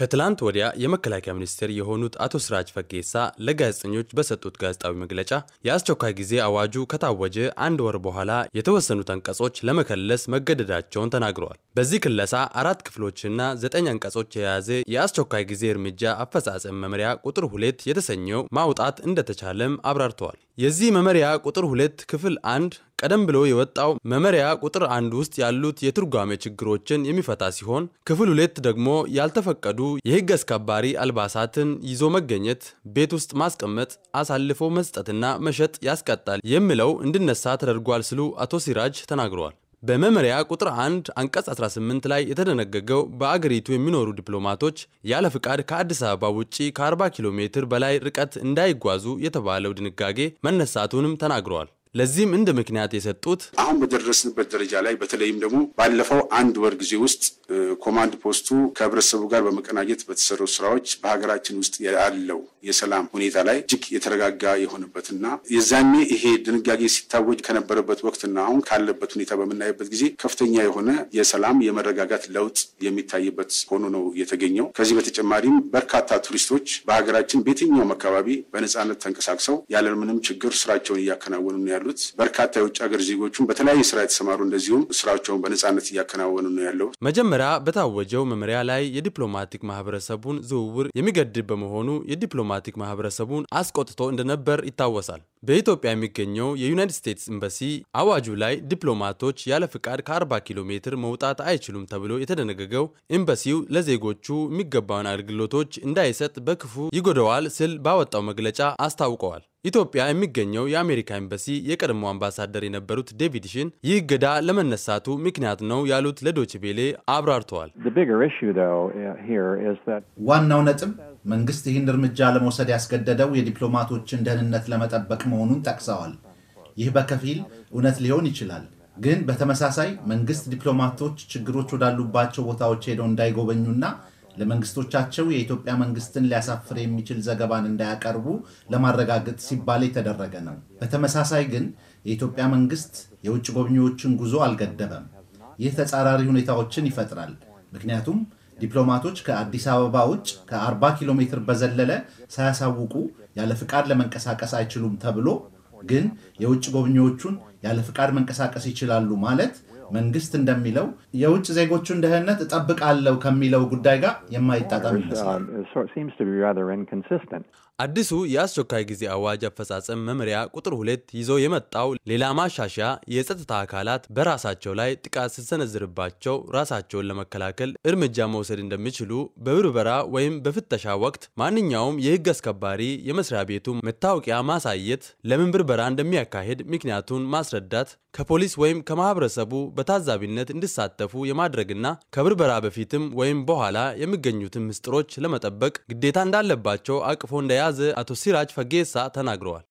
ከትላንት ወዲያ የመከላከያ ሚኒስቴር የሆኑት አቶ ስራጅ ፈጌሳ ለጋዜጠኞች በሰጡት ጋዜጣዊ መግለጫ የአስቸኳይ ጊዜ አዋጁ ከታወጀ አንድ ወር በኋላ የተወሰኑት አንቀጾች ለመከለስ መገደዳቸውን ተናግረዋል። በዚህ ክለሳ አራት ክፍሎችና ዘጠኝ አንቀጾች የያዘ የአስቸኳይ ጊዜ እርምጃ አፈጻጸም መመሪያ ቁጥር ሁለት የተሰኘው ማውጣት እንደተቻለም አብራርተዋል። የዚህ መመሪያ ቁጥር ሁለት ክፍል አንድ ቀደም ብሎ የወጣው መመሪያ ቁጥር አንድ ውስጥ ያሉት የትርጓሜ ችግሮችን የሚፈታ ሲሆን ክፍል ሁለት ደግሞ ያልተፈቀዱ የህግ አስከባሪ አልባሳትን ይዞ መገኘት፣ ቤት ውስጥ ማስቀመጥ፣ አሳልፎ መስጠትና መሸጥ ያስቀጣል የሚለው እንዲነሳ ተደርጓል ሲሉ አቶ ሲራጅ ተናግረዋል። በመመሪያ ቁጥር 1 አንቀጽ 18 ላይ የተደነገገው በአገሪቱ የሚኖሩ ዲፕሎማቶች ያለ ፍቃድ ከአዲስ አበባ ውጭ ከ40 ኪሎ ሜትር በላይ ርቀት እንዳይጓዙ የተባለው ድንጋጌ መነሳቱንም ተናግረዋል። ለዚህም እንደ ምክንያት የሰጡት አሁን በደረስንበት ደረጃ ላይ በተለይም ደግሞ ባለፈው አንድ ወር ጊዜ ውስጥ ኮማንድ ፖስቱ ከህብረተሰቡ ጋር በመቀናጀት በተሰሩ ስራዎች በሀገራችን ውስጥ ያለው የሰላም ሁኔታ ላይ እጅግ የተረጋጋ የሆነበትና የዛኔ ይሄ ድንጋጌ ሲታወጅ ከነበረበት ወቅትና አሁን ካለበት ሁኔታ በምናይበት ጊዜ ከፍተኛ የሆነ የሰላም የመረጋጋት ለውጥ የሚታይበት ሆኖ ነው የተገኘው። ከዚህ በተጨማሪም በርካታ ቱሪስቶች በሀገራችን በየትኛውም አካባቢ በነፃነት ተንቀሳቅሰው ያለምንም ችግር ስራቸውን እያከናወኑ ነው ያሉት። በርካታ የውጭ ሀገር ዜጎቹም በተለያየ ስራ የተሰማሩ እንደዚሁም ስራቸውን በነጻነት እያከናወኑ ነው ያለው። መጀመሪያ በታወጀው መመሪያ ላይ የዲፕሎማቲክ ማህበረሰቡን ዝውውር የሚገድብ በመሆኑ የዲፕሎማቲክ ማህበረሰቡን አስቆጥቶ እንደነበር ይታወሳል። በኢትዮጵያ የሚገኘው የዩናይትድ ስቴትስ ኤምባሲ አዋጁ ላይ ዲፕሎማቶች ያለ ፍቃድ ከ40 ኪሎ ሜትር መውጣት አይችሉም ተብሎ የተደነገገው ኤምባሲው ለዜጎቹ የሚገባውን አገልግሎቶች እንዳይሰጥ በክፉ ይጎደዋል ስል ባወጣው መግለጫ አስታውቀዋል። ኢትዮጵያ የሚገኘው የአሜሪካ ኤምባሲ የቀድሞ አምባሳደር የነበሩት ዴቪድ ሽን ይህ እገዳ ለመነሳቱ ምክንያት ነው ያሉት ለዶችቤሌ አብራርተዋል። ዋናው ነጥብ መንግስት ይህን እርምጃ ለመውሰድ ያስገደደው የዲፕሎማቶችን ደህንነት ለመጠበቅ መሆኑን ጠቅሰዋል። ይህ በከፊል እውነት ሊሆን ይችላል፣ ግን በተመሳሳይ መንግስት ዲፕሎማቶች ችግሮች ወዳሉባቸው ቦታዎች ሄደው እንዳይጎበኙና ለመንግስቶቻቸው የኢትዮጵያ መንግስትን ሊያሳፍር የሚችል ዘገባን እንዳያቀርቡ ለማረጋገጥ ሲባል የተደረገ ነው። በተመሳሳይ ግን የኢትዮጵያ መንግስት የውጭ ጎብኚዎችን ጉዞ አልገደበም። ይህ ተጻራሪ ሁኔታዎችን ይፈጥራል፣ ምክንያቱም ዲፕሎማቶች ከአዲስ አበባ ውጭ ከ40 ኪሎ ሜትር በዘለለ ሳያሳውቁ ያለ ፍቃድ ለመንቀሳቀስ አይችሉም ተብሎ ግን የውጭ ጎብኚዎቹን ያለ ፍቃድ መንቀሳቀስ ይችላሉ ማለት መንግስት እንደሚለው የውጭ ዜጎቹን ደህንነት እጠብቃለሁ ከሚለው ጉዳይ ጋር የማይጣጣም ይመስላል። አዲሱ የአስቸኳይ ጊዜ አዋጅ አፈጻጸም መመሪያ ቁጥር ሁለት ይዞ የመጣው ሌላ ማሻሻያ የጸጥታ አካላት በራሳቸው ላይ ጥቃት ሲሰነዝርባቸው ራሳቸውን ለመከላከል እርምጃ መውሰድ እንደሚችሉ በብርበራ ወይም በፍተሻ ወቅት ማንኛውም የህግ አስከባሪ የመስሪያ ቤቱ መታወቂያ ማሳየት፣ ለምን ብርበራ እንደሚያካሄድ ምክንያቱን ማስረዳት፣ ከፖሊስ ወይም ከማህበረሰቡ በታዛቢነት እንዲሳተፉ የማድረግና ከብርበራ በፊትም ወይም በኋላ የሚገኙትን ምስጢሮች ለመጠበቅ ግዴታ እንዳለባቸው አቅፎ እንደያዘ a ase ato siraj fagesa tanagroal.